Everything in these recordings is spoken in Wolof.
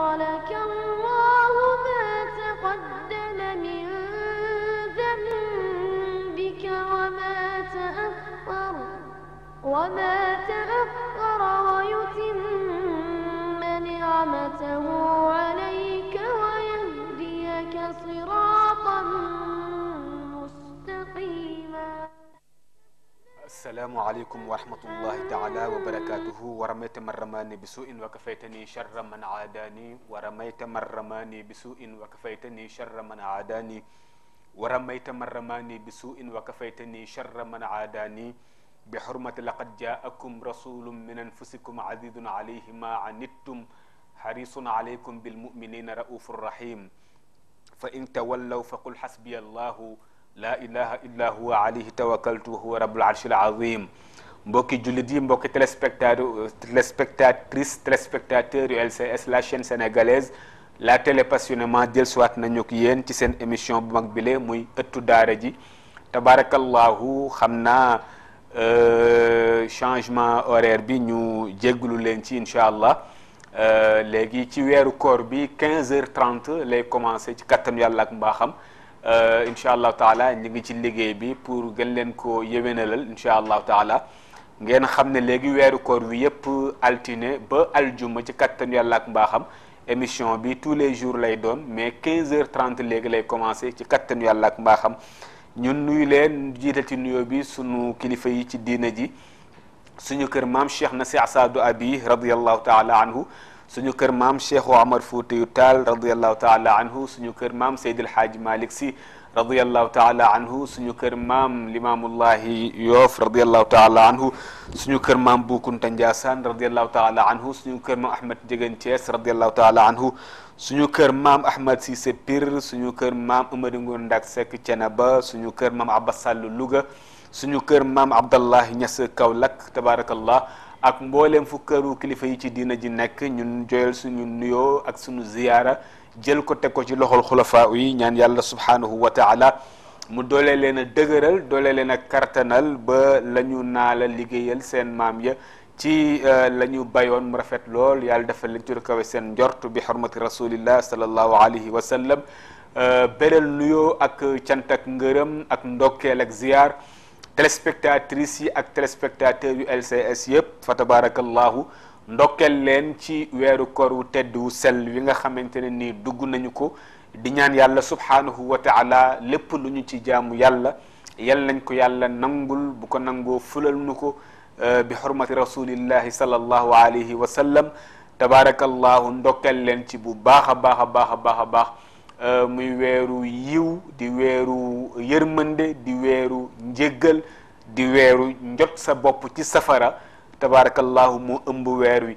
قالك الله ما تقدم من ذنبك وما تأخر وما تأخر ويتم نعمته السلام عليكم ورحمة الله تعالى وبركاته ورميت مرماني بسوء وكفيتني شر من عاداني ورميت مرماني بسوء وكفيتني شر من عاداني ورميت مرماني بسوء وكفيتني شر من عاداني بحرمة لقد جاءكم رسول من أنفسكم عزيز عليه ما عنتم حريص عليكم بالمؤمنين رؤوف رحيم فإن تولوا فقل حسبي الله laa ilaha illa huwa alayhi tawakkaltu huwa rabbul arshil azim mbokki jullit yi mbokki téléspectateur téléspectatrice téléspectateur yu LCS la chaîne sénégalaise la télé passionnément jël siwaat nañu ko yéen ci seen émission bu mag bile muy ëttu daara ji tabarakallahu xam naa changement horaire bi ñu jégglu leen ci incha allah léegi ci weeru koor bi 15 heures 30 lay commencé ci kattanu yàlla ak mbaaxam incha allahu taala ñu ngi ci liggéey bi pour gën leen ko yéwénalal incha allahu taala ngeen xam ne léegi koor wi yëpp altine ba aljuma ci kattanu yàlla ak mbaaxam émission bi tous les jours lay doon mais 15h30 léegi lay commencé ci kattanu yàlla ak mbaaxam ñun nuyu leen jiital ci bi sunu kilifa yi ci diina ji suñu kër maam Cheikh Nasi Asadu Abi radiyallahu taala anhu suñu kër maam Cheikh Omar Foutiyu tal radiyallahu taala anhu suñu kër maam al haj malik si radiyallahu taala anhu suñu kër maam Limamullahi yof radiyallahu taala anhu suñu kër maam Bukunta Ndiassane radiyallahu taala anhu suñu kër maam Ahmed djegen ties radiyallahu taala anhu suñu kër maam Ahmed si se pir suñu kër maam Amari Ngoor Ndak Seck Thiénaba suñu kër maam Abbas Sall luga suñu kër maam Abdallahi Niass Kaolack tabarakallah ak mbooleem fu këru kilifa yi ci diina ji nekk ñun joyal suñu nuyoo ak sunu ziyaara jël ko teg ko ci loxol xulafaa yi ñaan yàlla subhaanahu wa taala mu doole leen a dëgëral doole leen a kartanal ba la ñu naala liggéeyal seen maam ya ci euh, la ñu bayoon mu rafet lool yàlla defal leen ci lu kawe seen njort bi xormati rasulillah sallallahu alayhi wa sallam euh, beral nuyoo ak cant ak ngërëm ak ndokkeel ak ziyaar téléspectatrices yi ak téléspectateurs yu LCS yëpp fa tabaarakallaahu ndokkeel leen ci weeru koor wu tedd wu sell wi nga xamante ne nii dugg nañu ko di ñaan yàlla subhaanahu wa taala lépp lu ñu ci jaamu yàlla yal nañ ko yàlla nangul bu ko nangoo fulal nu ko euh, bi xurmati rasulillahi sallallahu alayhi wa sallam tabaarakallahu ndokkeel leen ci bu baax a baax a baax a baax a baax Euh, muy weeru yiw di weeru yërmande di weeru njéggal di weeru njot sa bopp ci safara tabaarakallahu mu ëmb weer wi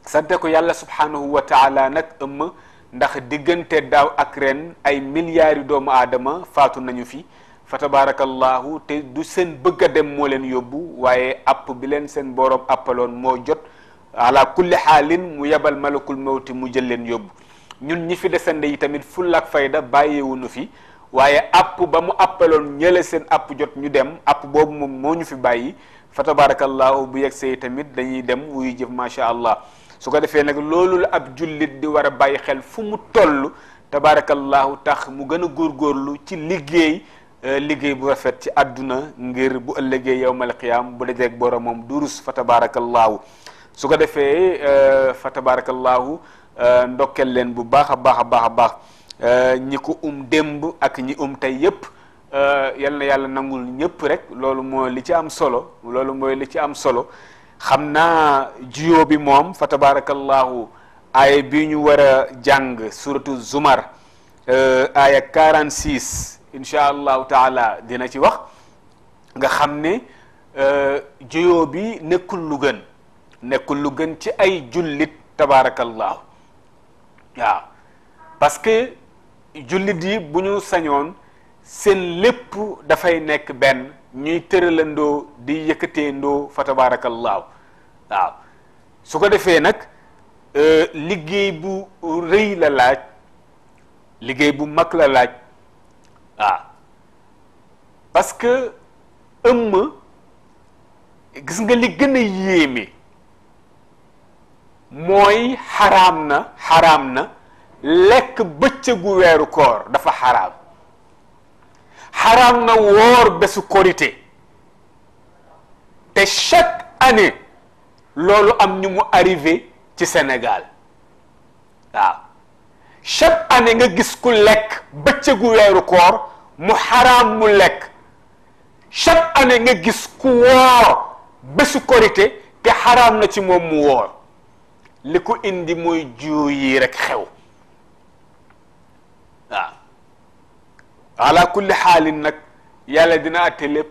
sante ko yàlla subhaanahu wa taala nag ëmb ndax diggante daaw ak ren ay milliards doomu aadama faatu nañu fi fa tabaarakallahu te du seen bëgg a dem moo leen yóbbu waaye app bi leen seen boroom appaloon moo jot ala kulli xaalin mu yebal malakul mawti mu jël leen yóbbu ñun ñi fi desande yi tamit fulla ak fayda bàyyiwuñu fi waaye app ba mu appaloon ñële seen app jot ñu dem app boobu moom moo ñu fi bàyyi fa tabaarakallaahu bu yegsee tamit dañuy dem wuy jëf macha allah su ko defee nag loolu la ab jullit di war a bàyyi xel fu mu toll tabaarakallaahu tax mu gën a góorgóorlu ci liggéey euh, liggéey bu rafet ci àdduna ngir bu ëllëgee yowmal qiyaam bu dajeeg boromam durus fa tabaarakallaahu su ko defee euh, fa tabaarakallaahu Euh, ndokkeel leen bu baax a baax a baax a baax euh, ñi ko um démb ak ñi um tey yépp euh, yal na yàlla nangul ñépp rek loolu mooy li ci am solo loolu mooy li ci am solo xam naa juyoo bi moom fa tabarakallahu aaya bi ñu war a jàng suratu zumar aaya 46 incha allahu taala dina ci wax nga xam ne juyoo bi nekkul lu gën nekkul lu gën ci ay jullit tabarakallahu waaw parce que jullit yi bu ñu sañoon seen lépp dafay nekk benn ñuy tëralandoo di yëkkateendoo fa tabaarakallaahu waaw su ko defee nag euh, liggéey bu rëy la laaj liggéey bu mag la laaj waaw parce que ëmm gis nga li gën a yéeme mooy xaraam na xaraam na lekk bëccëgu weeru koor dafa xaraam xaraam na woor bésu korité te chaque année loolu am ñu mu arrivé ci Sénégal waaw chaque année nga gis ku lekk bëccëgu weeru koor mu xaraam mu lekk chaque année nga gis ku woor bésu korité te xaram na ci moom mu woor li ko indi mooy jiw yii rekk xew waaw ala kulli xaalin nag yàlla dina atte lépp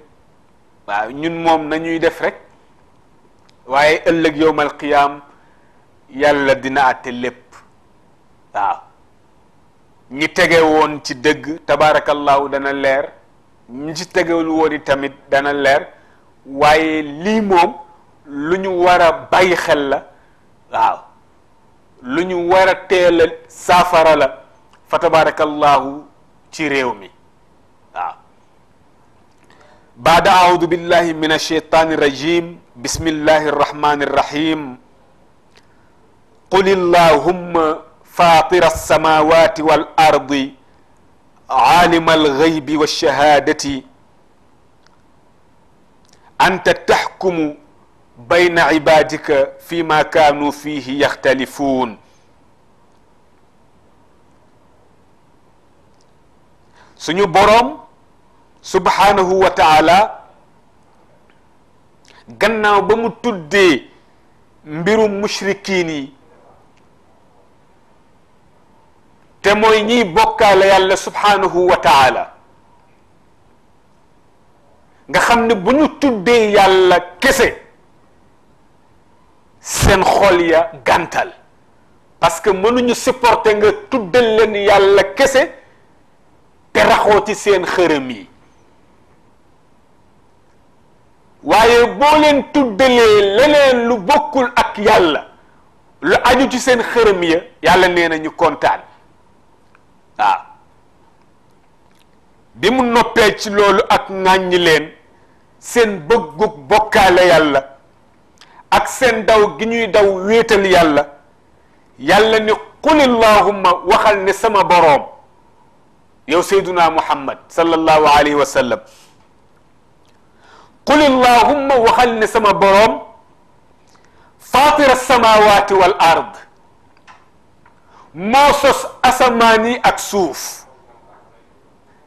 waaw ñun moom nañuy def rekk waaye ëllëg yowmal qiyaam yàlla dina atte lépp waaw ñi tege woon ci dëgg tabaarakallaahu dana leer ñu ci tegewul woon i tamit dana leer waaye lii moom lu ñu war a bàyyi xel la waaw lu ñu war a teel a saafara la fa tabarakallahu ci réew mi waaw baada audu billahi min alcheytani irrajim bismillahi arrahmani irrahim qul illahumma fatira alsamawati wal ardi عالم الغيب والشهادة أنت تحكم بين عبادك فيما كانوا فيه يختلفون سنو بروم سبحانه وتعالى غناو بمو تودي مشركيني تمويني بوكا يالله سبحانه وتعالى غا خامني بونو تودي يالله كسه seen xol ya gàntal parce que mënuñu supporter nga tuddal leen yàlla kese te raxoo ci seen xërëm yi waaye boo leen tuddalee leneen lu bokkul ak yàlla lu aju ci seen xërëm ya yàlla nee na ñu kontaan waaw bi mu noppee ci loolu ak ŋàññi leen seen bëggug bokkaale yàlla ak seen daw gi ñuy daw wéetal yàlla yàlla ni qul illahumma waxal ne sama boroom yow sayduna muhammad sallallahu alayhi wa sallam qul illahumma waxal ne sama boroom fatira samawati wal ard moo sos asamaan yi ak suuf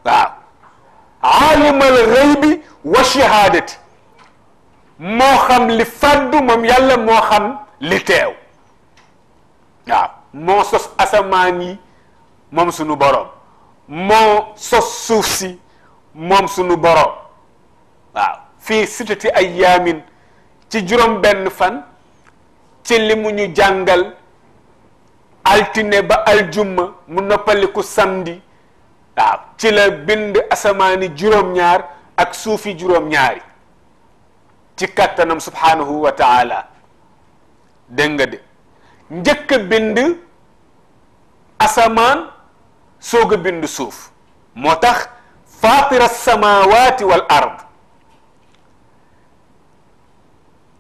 waaw aalim al ghaybi wa shahadati moo xam li fàddu moom yàlla moo xam li teew waaw moo sos asamaan yi moom sunu boroom moo sos suuf si moom sunu boroom waaw fii sitati ayyaamin ci juróom benn fan ci li mu ñu jàngal altine ba aljumma mu noppaliku samedi waaw ci la bind asamaani juróom-ñaar ak suufi juróom-ñaari ci tanam subhanahu wa taala dégg de asaman bind asaman soog bind suuf motax fatir fatira samawati wal ard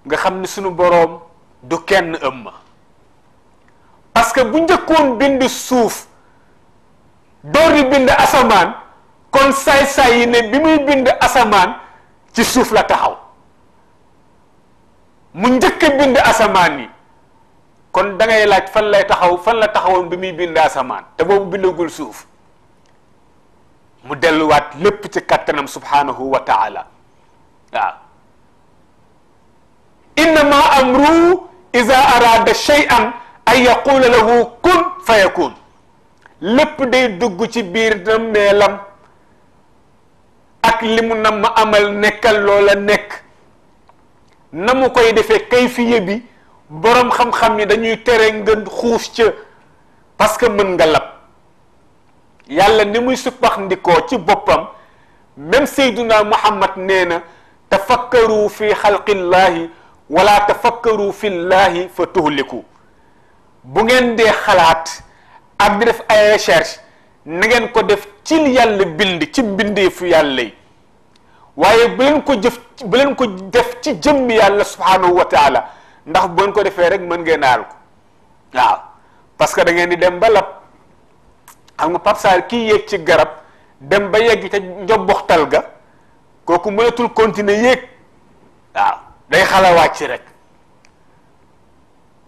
nga xamni ni sunu boroom du kenn ëmma parce que bu njëkkoon bind suuf door di bind asaman kon say say ne bi muy bind asaman ci suuf la taxaw mu njëkk bind asamaan yi kon da laaj fan lay taxaw fan la taxawoon bi muy bind samaan te boobu bindagul suuf mu delluwaat lépp ci kattanam subhanahu wa taala waaw innama amruhu ida arada an yaqula lahu kun fa yakun lépp day dugg ci biir na meelam ak li mu nam amal nekkal loola nekk na mu koy defee kayfiye bi boroom xam-xam ni dañuy tere nga xuus ca parce que mën nga lab yàlla ni muy suppaxndikoo ci boppam même sayduna muhammad nee na tafakkaru fi xalqillahi wala tafakkaru fi llaahi fa tuhliku bu ngeen dee xalaat ak di def ay recherche na ngeen ko def ci yàlla bind ci mbindeefu yàlla yi waaye bu leen ko jëf bu leen ko def ci jëmmi yàlla subhanahu wa taala ndax bu ngeen ko defee rek mën ngeen naal ko waaw parce que da ngeen di dem ba lab xam nga Pape Sarr kii yéeg ci garab dem ba yegg ca njobboxtal ga kooku mënatul continuer yéeg waaw day xala wàcc rek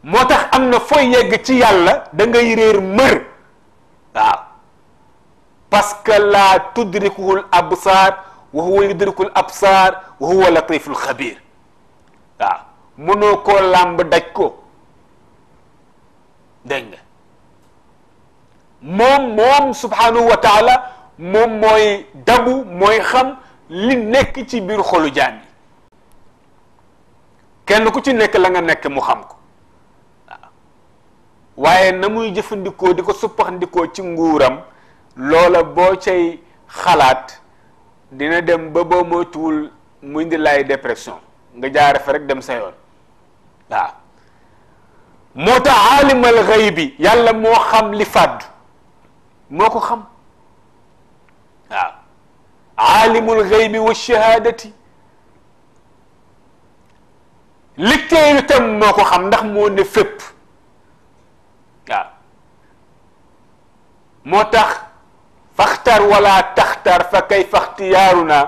moo tax am na fooy yegg ci yàlla da ngay réer mër waaw parce que la tudrikuhul absar wa huwa yudrikul absaar wa huwa latiful xabiir waaw mënoo koo làmb daj ko dégg nga moom moom subhanahu wa moom mooy dabu mooy xam li nekk ci biir xolu jaam kenn ku ci nekk la nga nekk mu xam ko waaye na muy jëfandikoo di ko suppaxndikoo ci nguuram loola boo cay xalaat dina dem ba mo tul mu indi lay dépression nga jaar fa rek dem sa yoon waaw moo tax aalimal xëy yàlla mo xam li fad moko xam wa alim al ghaib wa shahadati ligtéeyu itam moo ko xam ndax mo ne fep wa motax tax فاختر ولا تختر فكيف اختيارنا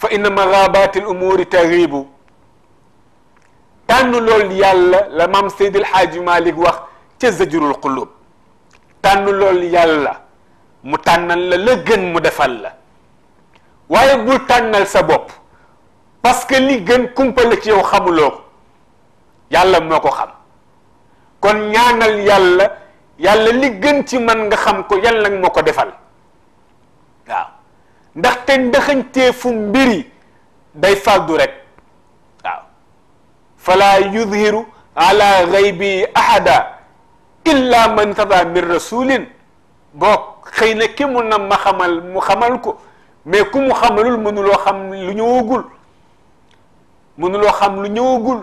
فإن مغابات الأمور تغيب تان لول يال لمام سيد الحاج مالك وخ تزجر القلوب تان لول يال متانن لغن مدفال واي بول تانل سبب باسكو لي غن كومبل يو خاملو يالا مكو خام كون نيانال يالا يالا لي غن تي مان nga xam ko ndaxte ndëxañteefu mbiri day fàgdu rek waaw fala yudhiru ala ghaybi ahada illa man tada min rasulin boo xëy na ki mun na ma xamal mu xamal ko mais ku mu xamalul mënuloo xam lu ñëwagul mënuloo xam lu ñëwagul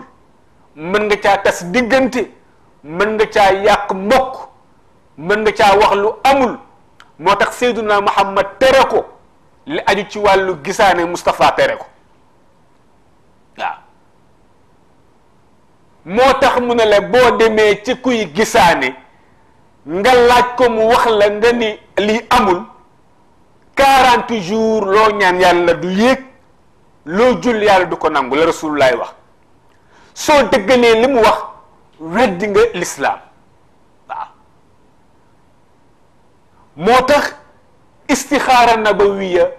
mën nga caa tas diggante mën nga caa yàq mbokk mën nga caa wax lu amul moo tax Seyduna Muhammad tere ko li aju ci wàllu gisaane Moustapha tere ko waaw moo tax mu ne la boo demee ci kuy gisaane nga laaj ko mu wax la nga ni lii amul quarante jours loo ñaan yàlla du yéeg loo jul yàlla du ko nangu la rasulullaay wax soo dëggalee li mu wax weddi nga lislaam waaw moo tax istixaara nabawiya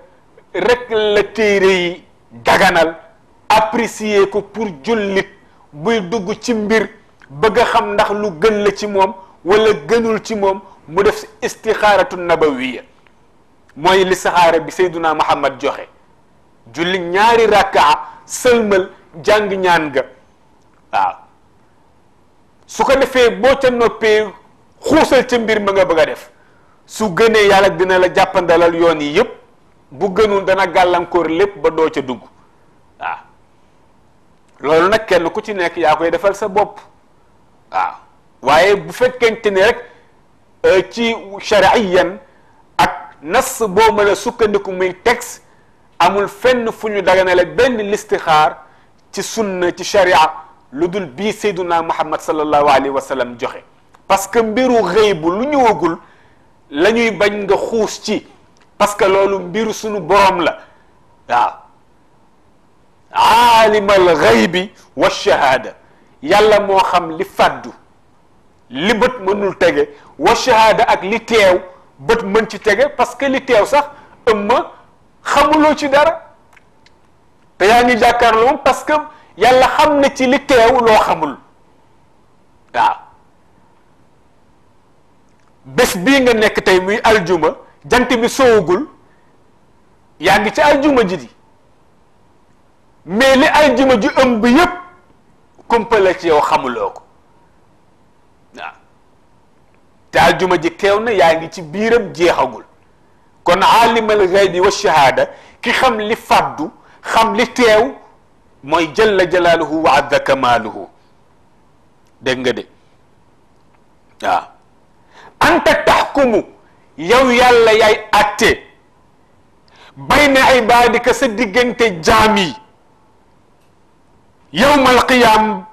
rek la téere yi daganal apprécier ko pour jullit buy dugg ci mbir bëgg a xam ndax lu gën la ci moom wala gënul ci moom mu def istixaaratu nabawiya mooy li saxaara bi sayduna muhammad joxe julli ñaari rakkaa sëlmal jàng ñaan nga waaw su ko defee boo ca noppee xuusal ca mbir ma nga bëgg a def su gëné yàlla dina la jàppandalal yoon yi yëpp bu gënul dana galankor lépp ba do ca dugg waaw loolu nag kenn ku ci nekk yaa koy defal sa bopp waaw waaye bu fekkente ne rek ci shariyan ak nas boo mën a sukkandiku muy texte amul fenn fu ñu daganale benn listixaar ci sunna ci sharia lu dul bii sayduna muhammad sallallahu alayhi wa sallam joxe parce que mbiru xëy bu lu ñëwagul lañuy bañ nga xuus ci parce que loolu mbiru sunu boroom la waaw aalimal ghaybi wa shahaada yàlla moo xam li fàddu li bët mënul tege wa shahaada ak li teew bët mën ci tege parce que li teew sax ëmma xamuloo ci dara te yaa ngi jàkkaarloo moom parce que yàlla xam na ci li teew loo xamul waaw bés bii nga nekk tey muy aljuma jant bi soowagul yaa ngi ci aljuma ji di mais li aljuma ju ëmb yépp kumpa la ci yow xamuloo ko waaw te aljuma ji teew na yaa ngi ci biiram jeexagul kon aalimal ghaybi wa shahaada ki xam li fàddu xam li teew mooy jalla jalaaluhu wa azza kamaaluhu dégg nga de waaw anta taxkumu yow yàlla yaay atte bayna ibadika sa diggante jaam yi yowmal qiyam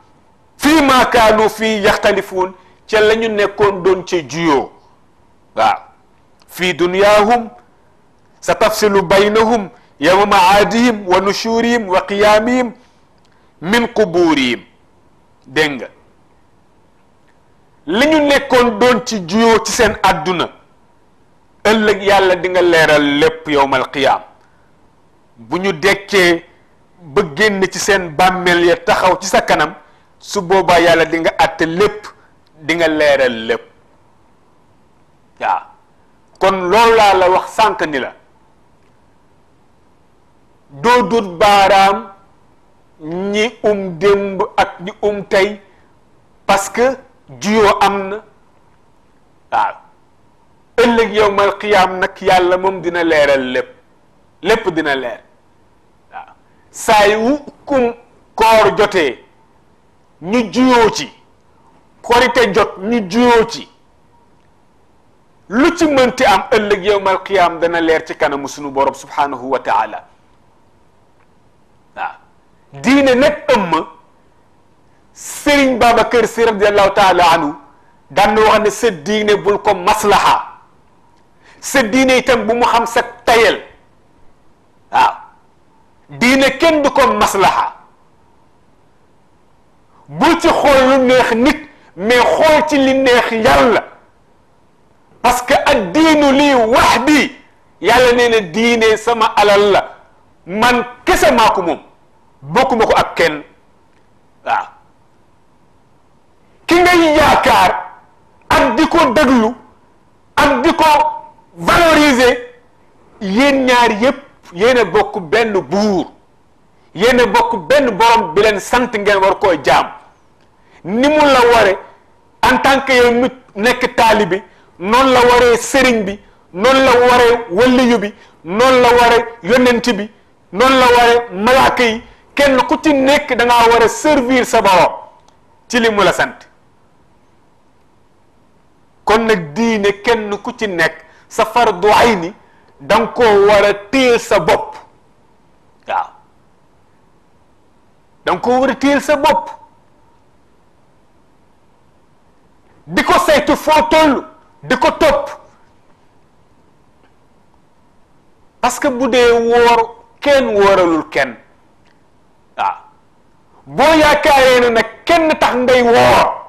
fii ma kaanu fii yaxtalifuun ca la ñu nekkoon doon ca juyoo waaw fii dunyaahum sa tafsilu baynahum yowma maadihim wa nushurihim wa qiyaamihim min qubuurihim dégg nga li ñu nekkoon doon ci juyoo ci seen àdduna ëllëg yàlla dinga leeral lépp yowmal qiyaam bu ñu dekkee ba génn ci seen bàmmeel ya taxaw ci sa kanam su boobaa yàlla dinga nga lépp dinga leeral lépp waaw kon loolu la wax sànq ni la doo dut baaraam ñi um démb ak ñi um tey parce juyoo am na waaw ëllëg yowmal qiyaam yàlla moom dina leeral lépp dina leer waaw saa yu kum koor jotee ñu juyoo ci korite jot ñu juyoo ci lu ci mënti am ëllëg yowmal qiyaam dana leer ci kanamu sunu borom subhaanahu wa taala waaw diine nag ëmma سيرين بابا كير سير رضي الله تعالى عنه دانو غاني سي ديني بولكو مصلحه سي ديني تام بو مو خام سك تايل اه دين كين دوكو مصلحه بو تي خول لو نيه نيت مي خول تي لي نيه يالا باسكو الدين لي وحدي يالا نينا ديني سما علال من كسا ماكو موم بوكو مكو اك كين واه ki ngay yaakaar ak di ko déglu ak di ko valoriser yéen ñaar yépp yéen a bokk benn buur yéen a bokk benn borom bi sant ngeen war koo jaam ni mu la ware en tant que yow mi nekk taalibi noonu la waree sëriñ bi noon la waree waliyu bi noon la waree yonent bi noon la waree malaaka yi kenn ku ci nekk danga ngaa war a servir sa borom ci li mu la sant kon nag diine kenn ku ci nekk sa fardu ayni da nga koo war a sa bopp waaw da nga koo war a sa bopp di ko saytu foo toll di ko topp parce que bu dee woor kenn wóoralul kenn waaw boo yaakaaree ne nag kenn tax ngay woor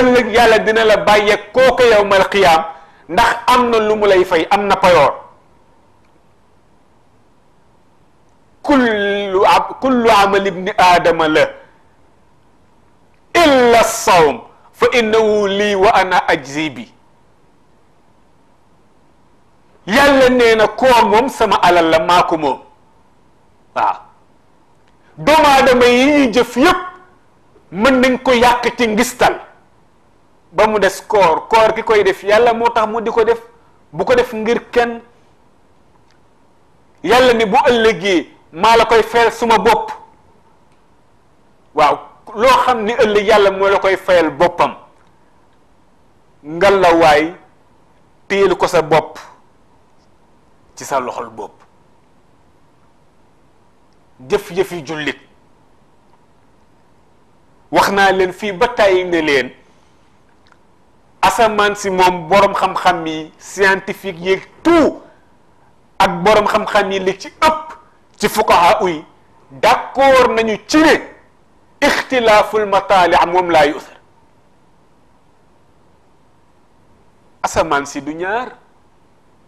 ëllëg yàlla dina la bàyyee kooku yow mal xiyaam ndax am na lu mu lay fay am na payoor kullu ab kullu amal ibni aadama la illa sawm fa innahu lii wa ana ajzi bi yàlla nee na koor moom sama alal la maa ko moom waaw doomu aadama yi ñuy jëf yépp mën nañ ko yàq ci ngistal ba mu des koor koor ki koy def yàlla moo tax mu di ko def bu ko def ngir kenn yàlla ni bu ëllëgee maa la koy fayal suma bopp waaw loo xam ni ëllëg yàlla moo la koy fayal boppam ngalla waay téyel ko sa bopp ci sa loxol bopp jëf-jëfi jullit wax naa leen fii ba tàyyi ne leen asamaan si moom borom xam-xam yi scientifique yeeg tout ak borom xam-xam yi li ci ëpp ci fuqaha uy d'accord nañu ci ne ixtilaaful mataali moom laa yusar asamaan si du ñaar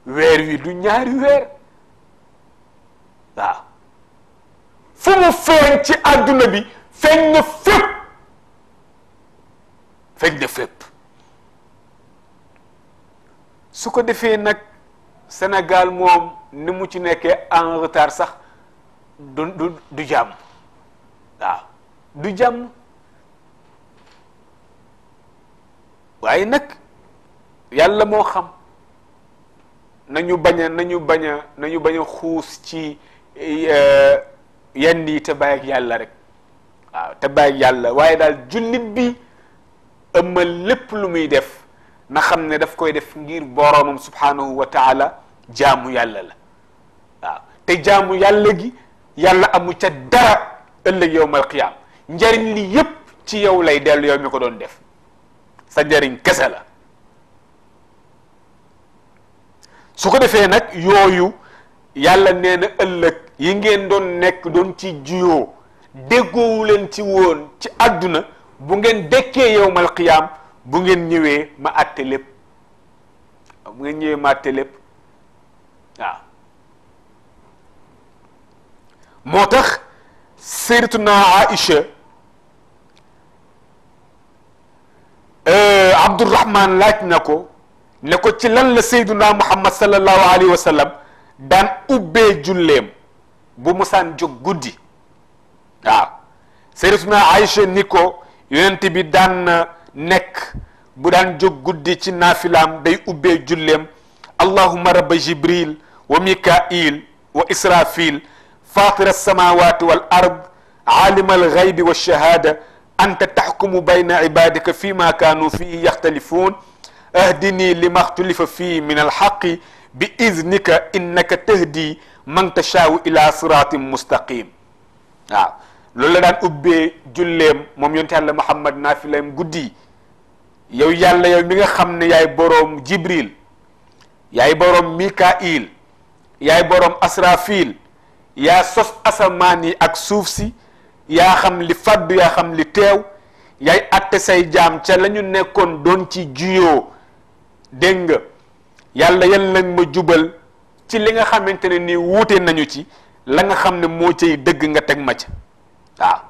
weer wi du ñaari weer waaw fu mu feeñ ci àdduna bi feeñ na fépp feeñ na fépp su ko defee nag Sénégal moom ni mu ci nekkee en sax du du du jàmm waaw du jàmm waaye nag yàlla moo xam nañu bañ a nañu bañ a nañu bañ xuus ci eh, yenn yi te bàyyi ak yàlla rek waaw te bàyyi ak yàlla waaye daal jullit bi ëmmal lépp lu muy def na xam ne daf koy def ngir boroomam subhaanahu wa taala jaamu yàlla la waaw te jaamu yàlla gi yàlla amu ca dara ëllëg yowmal qiyaam njariñ li yépp ci yow lay dellu yow mi ko doon def sa njariñ kese la su ko defee nag yooyu yàlla nee na yi ngeen doon nekk doon ci juyoo déggoowu leen ci woon ci àdduna bu ngeen dekkee yowmal qiyaam bu ngeen ñëwee ma àtte lépp bu ngeen ñëwee ma àtte lépp waaw moo tax sayyidatuna Aïcha euh, Abdourahman laaj na ko ne ko ci lan la sayyiduna mu sallallahu alayhi wa sallam daan ubbee julleem bu musaan jóg guddi waaw sayyidatuna Aïcha ni ko yonent bi daan nekk bu daan jóg guddi ci naafilaam day ubbee julleem allahuma rabba jibril wa mikail wa israfil fatira alsamawati wal ard alima alghaybi walshahada anta taxkumu bayna cibadika fima kanu fihi yaxtalifuun ahdini lima xtulifa fihi min alxaqi bi idnika innaka tahdi man tashaawu ila siratin mustaqim waaw loolu la daan ubbee julleem moom yonte yàlla muhammad naafilaam guddi yow yàlla yow mi nga xam ne yaay boroom jibril yaay boroom mikail yaay boroom asrafil yaa sos asamaan yi ak suuf si yaa xam li fàddu yaa xam li teew yaay atte say jaam ca lañu nekkoon doon ci juyoo dégg nga yàlla yan lañ ma jubal ci li nga xamante ne ni wuute nañu ci la nga xam ne moo cay dëgg nga teg ma ca waaw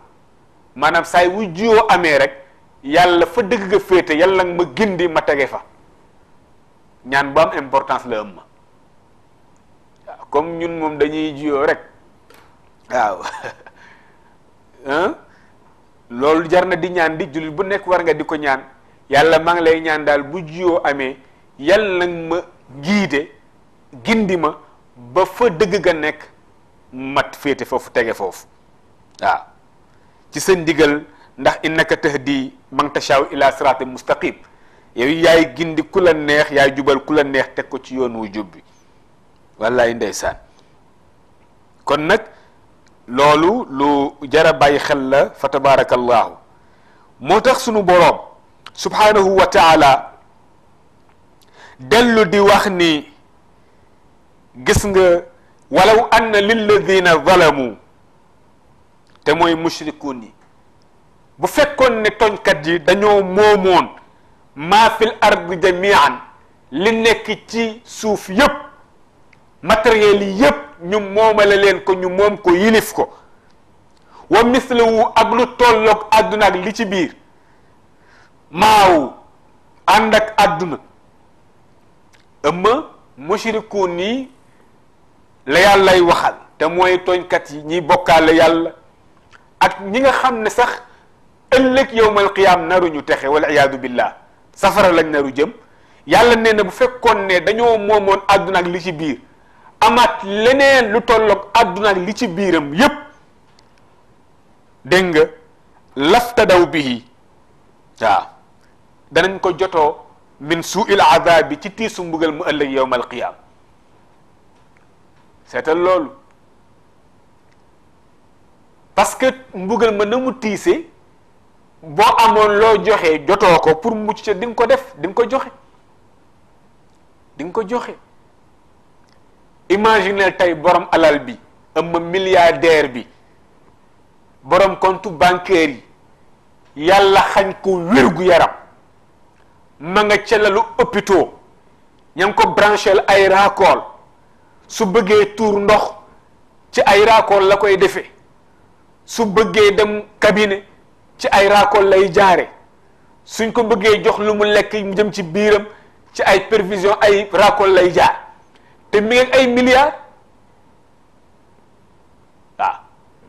maanaam saay wu juyoo amee rek yàlla fa dëgg ga féete yàlla nga ma gindi ma tege fa ñaan bu am importance la ëmma waaw comme ñun moom dañuy jiyoo rek waaw loolu jar na di ñaan di jullit bu nekk war nga di ko ñaan yàlla maa ngi lay ñaan daal bu jiyoo amee yàlla nga ma giide gindi ma ba fa dëgg ga nekk mat féete foofu tege foofu waaw ci sa ndigal ndax innaka di من تشاو الى صراط مستقيم يوي ياي غيندي كولا نيه ياي جوبال كولا نيه تيكو تي يونو جوبي والله ندسان كون نك لولو لو جرا باي خل لا فتبارك الله موتاخ سونو بوروب سبحانه وتعالى دلو دي واخني غيسغا ولو ان للذين ظلموا تموي مشركوني bu fekkoon ne tooñkat yi dañoo moomoon maa fil ard jamian li nekk ci suuf yëpp matériel yi yëpp ñu moomale leen ko ñu moom ko yilif ko wa misliwu ak lu tolloog àdduna ak li ci biir maaw ànd ak àdduna ëmma mushrikuun yi la yàllay waxal te mooy tooñkat yi ñiy bokkaale yàlla ak ñi nga xam ne sax ëllëg yowmal qiyaam naruñu texe wala iyaadu billah safara lañ naru jëm yàlla nee na bu fekkoon ne dañoo moomoon àdduna ak li ci biir amaat leneen lu tolloog àdduna ak li ci biiram yépp dégg nga laftadaw bihi waaw danañ ko jotoo min suuil adabi ci tiisu mbugal mu ëllëg yowmal qiyaam seetal loolu parce que mbugal ma na mu tiisee boo amoon loo joxe jotoo ko pour mucc ca di nga ko def di ko joxe di ko joxe imaginel tey borom alal bi ëmb milliardaire bi borom kontu bancaire yi yàlla xañ ko wér-gu-yaram ma nga ca lalu hôpitaux ña ngi ko branché ay raakool su bëggee tuur ndox ci ay raakool la koy defee su bëggee dem cabinet ci ay raakool lay jaare suñ ko bëggee jox lu mu lekk mu jëm ci biiram ci ay prévision ay raakool lay jaar te mi ngi ay milliards waaw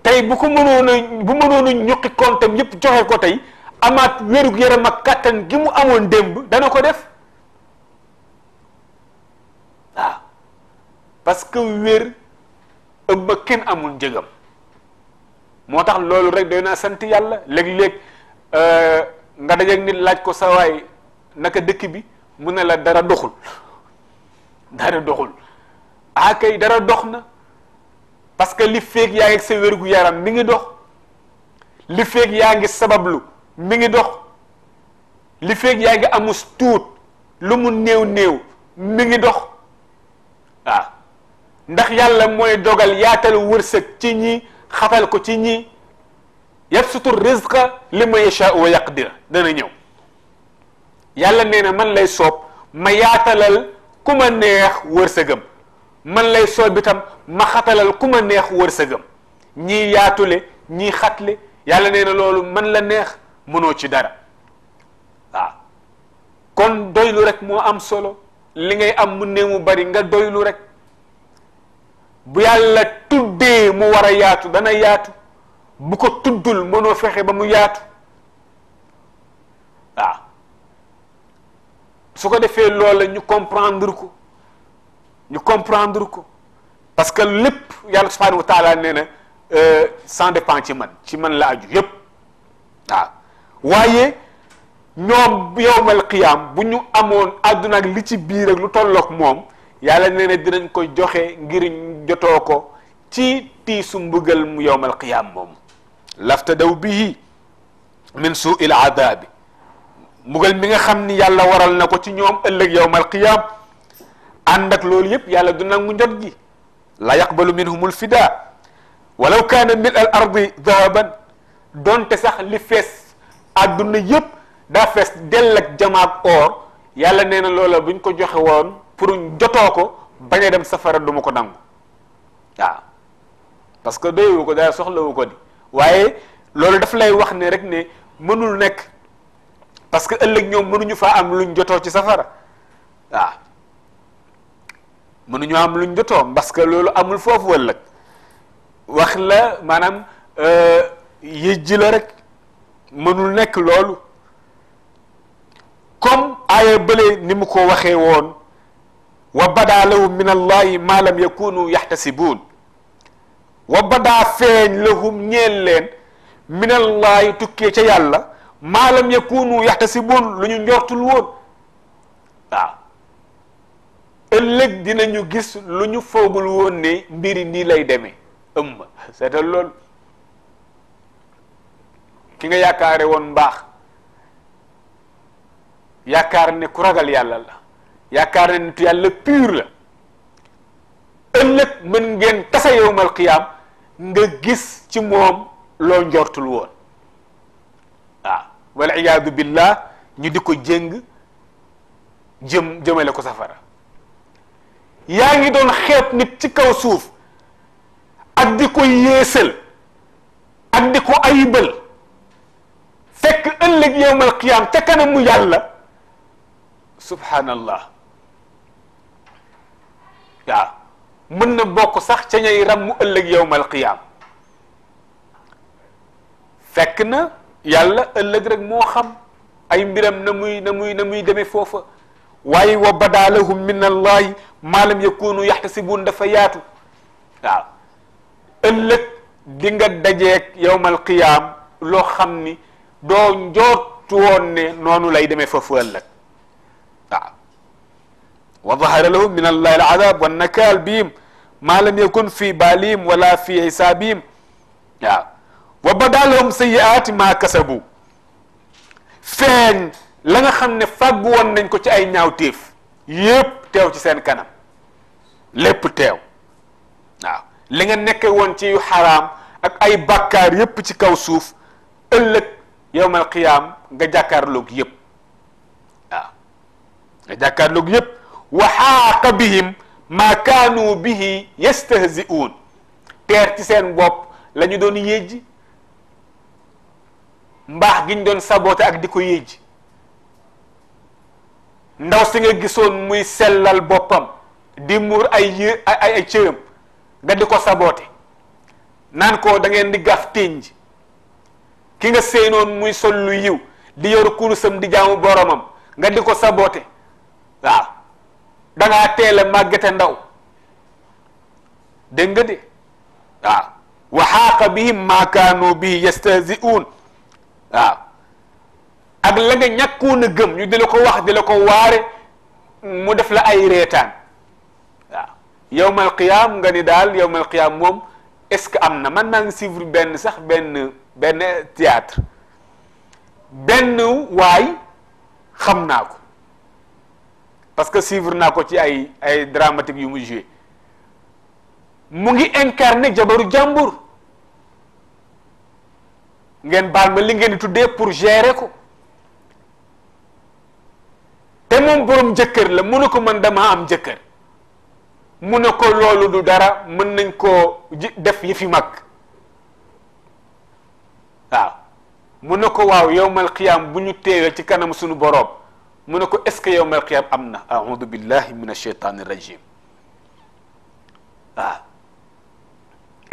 tey bu ko mënoon a bu mënoon a ñuqi comptam yépp joxe ko tey amaat wérug yaram ak kàttan gi mu amoon démb dana ko def waaw parce que wér ëmb kenn amul njëgam moo tax loolu rek doy naa sant yàlla léeg-léeg euh, nga dajeeg nit laaj ko sa waay naka dëkk bi mu ne la dara doxul dara doxul ah kay dara dox na parce que li feeg yaa ngi sa wérgu yaram mi ngi dox li feeg yaa ngi sabablu mi ngi dox li feeg yaa ngi amus tuut lu mu néew néew mi ngi dox waaw ah. ndax yàlla mooy dogal yaatal wërsëg ci ñi xatal ko ci ñi yabsutu rizqa li ma yashaau wa yaqdir dana ñëw yàlla nee na man lay soob ma yaatalal ku ma neex wërsëgam man lay soob itam ma xatalal ku ma neex wërsëgam ñii yaatule ñii xatle yàlla nee na loolu man la neex mënoo ci dara waaw kon doylu rek moo am solo li ngay am mu néew mu bari nga doylu rek bu yàlla tuddee mu war a yaatu dana yaatu bu ko tuddul mënoo fexe ba mu yaatu waaw su ko defee loola ñu comprendre ko ñu comprendre ko parce que lépp yàlla subhanahu wa taala nee na sans euh, dépend ci man ci man la aju yépp waaw waaye ñoom yowmal qiyaam bu ñu amoon àdduna ak li ci biir ak lu tolloog moom yàlla nee na dinañ ko joxe ngir jotoo ko ci tiisu mbugal mu yowmal qiyaam moomu laftadaw bihi min suuil adabi mbugal mi nga xam ni yàlla waral na ko ci ñoom ëllëg yowmal qiyaam ànd ak loolu yëpp yàlla du nangu njot gi la yaqbalu minhumul fidaa walaw kaana mil al ardi dahaban donte sax li fees àdduna yëpp daa fees dell ak jamaak or yàlla nee na loola buñ ko joxe woon pour jotoo ko bañ a dem safara du ma ko nangu waaw parce que doywu ko daal soxlawu ko di waaye loolu daf lay wax ne rek ne mënul nekk parce que ëllëg ñoom mënuñu faa am luñ jotoo ci safara waaw mënuñu am luñ jotoo parce que loolu amul foofu ëllëg wax la maanaam euh, yëjji la rek mënul nekk loolu comme aaya bële ni mu ko waxee woon wa badaa lahum min allahi ma lam yakunu yaxtasibuun wa badaa feeñ lahum ñeel leen min allahi tukkee ca yàlla ma lam yakunu yaxtasibuun lu ñu njortul woon waaw ëllëg dinañu gis lu ñu foogul woon ne mbiri nii lay demee amma seetal loolu ki nga yaakaare woon mbaax yaakaar ne ku ragal yàlla la yaakaar na nitu yàlla pur la ëllëg mën ngeen tasa yowmal qiyaam nga gis ci moom loo njortul woon waaw wal iyaadu billah ñu di ko jéng jëm jëmale ko safara yaa ngi doon xeet nit ci kaw suuf ak di ko yéesal ak di ko ayibal fekk ëllëg yowmal qiyaam ca kanamu yàlla subhaanallah waaw mën na bokk sax ca ñay ram mu ëllëg yowmal qiyaam fekk na yàlla ëllëg rek moo xam ay mbiram na muy na muy na foofa waaye wa badaa lahum min allahi maa lam yakunu yaxtasibuun dafa yaatu waaw ëllëg di nga dajeeg yowmal qiyaam loo xam ni doo njootu woon ne noonu lay demee foofu ëllëg وظهر لهم من الله العذاب والنكال بهم ما لم يكن في بالهم ولا في حسابهم وبدا لهم سيئات ما كسبوا فين لا خامني فاغ وون نانكو سي اي نياوتيف ييب تيو سي سين كانام ليب تيو واو ليغا نيك وون سي يو حرام اك اي بكار ييب سي كاو سوف ايلك يوم القيام غا جاكار ييب واو غا جاكار ييب wa xaaqa bihim maa kaanu bihi yastahzi'uun teer ci seen bopp lañu ñu doon yéjj mbaax gi ñu doon saboote ak di ko yéjj ndaw si nga gisoon muy sellal boppam di muur ay yë ay cëram nga di ko saboote naan ko dangeen di gaf ténj ki nga séenoon muy sol lu yiw di yor kurusam di jaamu boromam nga di ko saboote waaw da ngaa teel ndaw dégg nga de waaw wa xaaqa bihim kaanu bi yastahzi'uun waaw ak la nga ñàkkoon a gëm di la ko wax di la ko waare mu def la ay reetaan waaw yowmal qiyaam nga ni daal yowmal qiyaam moom est-ce que am na man maa ngi benn sax benn benn benn waay xam naa ko parce que suivre naa ko ci ay ay dramatique yu muy joué mu ngi incarné jabaru jàmbur ngeen baal ma li ngeen di tuddee pour gérer ko te moom borom jëkkër la mun ne ko man dama am jëkkër mu ne ko loolu du dara mën nañ koo def yëfi mag waaw mun na ko waaw yowmal qiyaam bu ñu teewee ci kanam suñu boroom منكو اسك يوم القيام امنا اعوذ بالله من الشيطان الرجيم اه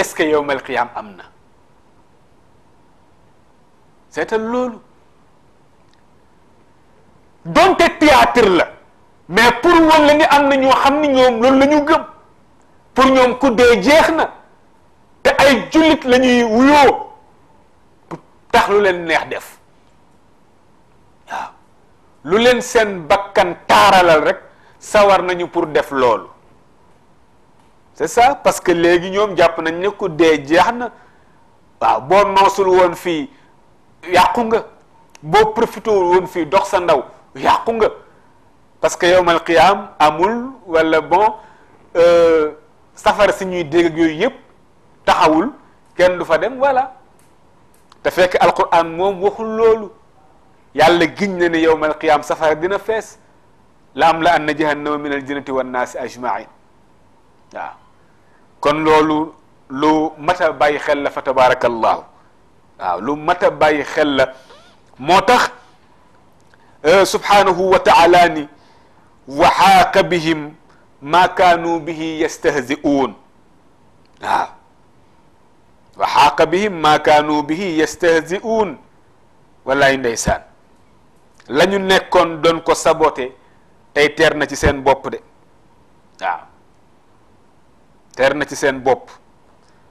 اسك يوم القيام امنا سيت اللول دونت تياتر لا مي بور ولا ني ان نيو خامني نيوم لول لا نيو گم بور نيوم كو دي جيخنا تا اي جوليت لا نيو ويو تخلو لن نيه ديف lu leen seen bakkan taaralal rek sawar nañu pour def loolu c'est ça parce que léegi ñoom jàpp nañ ne ku dee jeex na waaw boo noosul woon fii yàqu nga boo profité woon fii dox sa ndaw yàqu nga parce que yowmal qiyaam amul walla bon euh, safara si ñuy dégg yooyu yëpp taxawul kenn du fa dem voilà te fekk alquran moom waxul loolu يالا جن يوم القيام سفر دينا فيس لام لا ان جهنم من الجنه والناس اجمعين لا كون لولو لو متى باي خل فتبارك الله لو متى باي خل موتخ آه، سبحانه وتعالى وحاق بهم ما كانوا به يستهزئون وحاق بهم ما كانوا به يستهزئون ولا ندسان lañu nekkoon doon ko saboté tey teer na ci seen bopp de waaw teer na ci seen bopp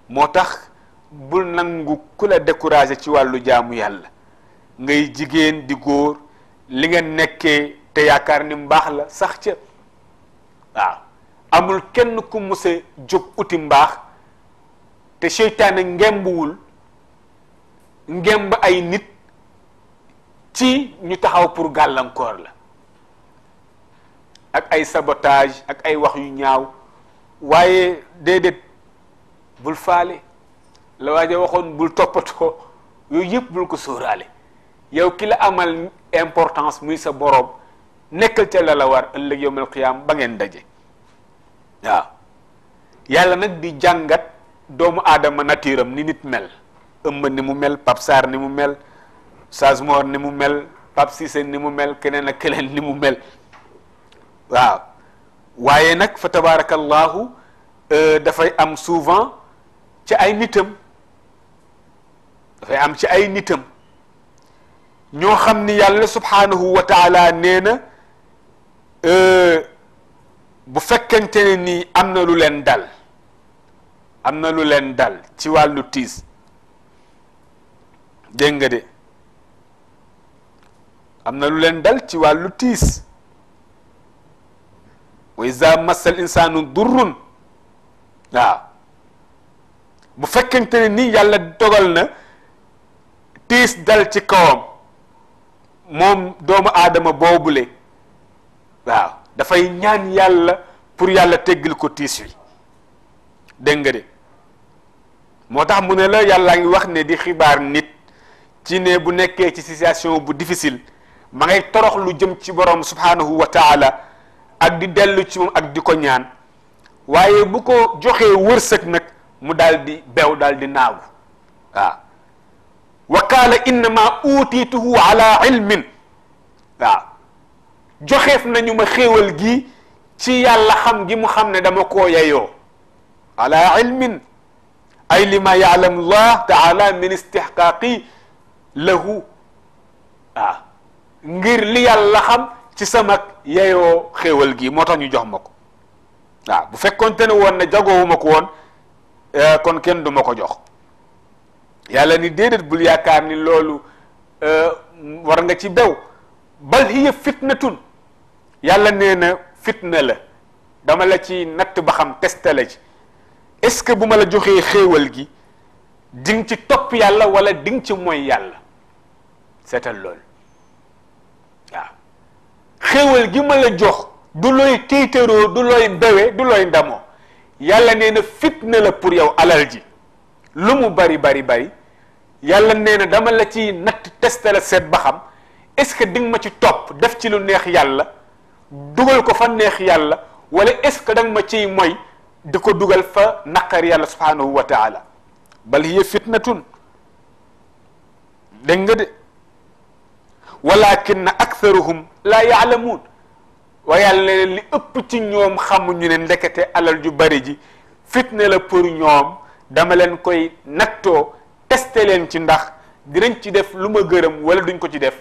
moo tax bul nangu ku la découragé ci wàllu jaamu yàlla ngay jigéen di góor li nga nekkee te yaakaar ni mbaax la sax ca waaw amul kenn ku mus a jóg uti mbaax te seytaane ngembuwul ngemb ay nit ci ñu taxaw pour gàllankoor la ak ay sabotage ak ay wax yu ñaaw waaye déedéet bul faale la waaja waxoon bul toppatoo yooyu yëpp bul ko sóoraale yow ki la amal importance muy sa boroom nekkal ca la la war ëllëg yawmal qiyaam ba ngeen daje waaw yàlla nag di jàngat doomu aadama natiiram ni nit mel ëmb ni mu mel papsaar ni mu mel Oustaz Mor ni mu mel Pape Cissé ni mu mel keneen ak keneen ni mu mel waaw waaye nag fa tabaarakallahu dafay am souvent ci ay nitam dafay am ci ay nitam ñoo xam ni yàlla subhanahu wa taala nee na bu fekkente ne nii am na lu leen dal am na lu leen dal ci wàllu tiis dégg nga de am na lu leen dal ci wàllu tiis wa iza massal insaanu durrun waaw bu fekkente ne ni yàlla dogal na tiis dal ci kawam moom doomu aadama boobule waaw dafay ñaan yàlla pour yàlla teggil ko tiis wi dégg nga de moo tax mu ne la yàllaa ngi wax ne di xibaar nit ci ne bu nekkee ci situation bu difficile ma ngay torox lu jëm ci borom subhanahu wa taala ak di dellu ci moom ak di ko ñaan waaye bu ko joxee wërsëg nag mu daal di bew daal di naagu waaw wa qaala innama uutiituhu ala ilmin waaw joxeef nañu ma xéewal gi ci yàlla xam gi mu xam ne dama koo yeyoo ala ilmin ay lima yaalamu llah taala min istixqaaqi lahu waaw ngir li yàlla xam ci sama yeyoo xéewal gi moo tax ñu jox ma ko waaw bu fekkoonte ne woon na jagoowuma ko woon eh, kon kenn du ma ko jox yàlla ni déedéet bul yaakaar ni loolu eh, war nga ci bew bal hiya fitnatul yàlla nee na fitna la dama la ci natt ba xam testa la ci est-ce que bu ma la joxee xéewal gi di ci topp yàlla wala di nga ci mooy yàlla seetal loolu xewal gi ma la jox du looy tiitaroo du looy mbewe du looy ndamoo yàlla nee na fitna la pour yow alal ji lu mu bari bari bari yàlla nee na dama la ciy natt testa la seet ba xam est-ce que dinga ma ci topp def ci lu neex yàlla dugal ko fa neex yàlla wala est-ce que danga ma ciy moy di ko dugal fa naqar yàlla subhanahu wa taala bal hiya fitnatun de ولكن أكثرهم لا يعلمون ويالنا اللي أبتي نيوم خامو نيوم ندكتي على الجباري جي فتنة لبور نيوم دمالن كوي نكتو تستلين تندخ دينن تي دف لما غرم ولا دين كو تي دف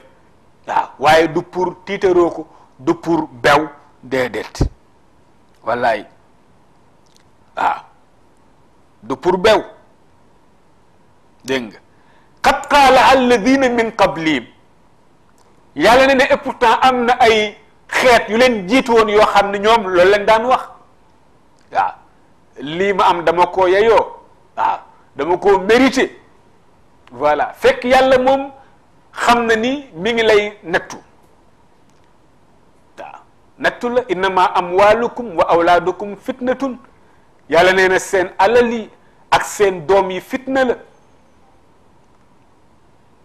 لا واي دو بور تيتروكو دو بور بيو ديدت والله آه دو بور بيو دينغ قد قال الذين من قبلهم yàlla ne ne am na ay xeet yu leen jiitu woon yoo xam ne ñoom loolu leen daan wax waaw lii ma am dama ko yeyoo waaw dama ko mérité voilà fekk yàlla moom xam na ni mi ngi lay nattu waaw nattu la innama amwalukum wa awlaadukum fitnatun yàlla nee na seen alal yi ak seen doom yi fitna la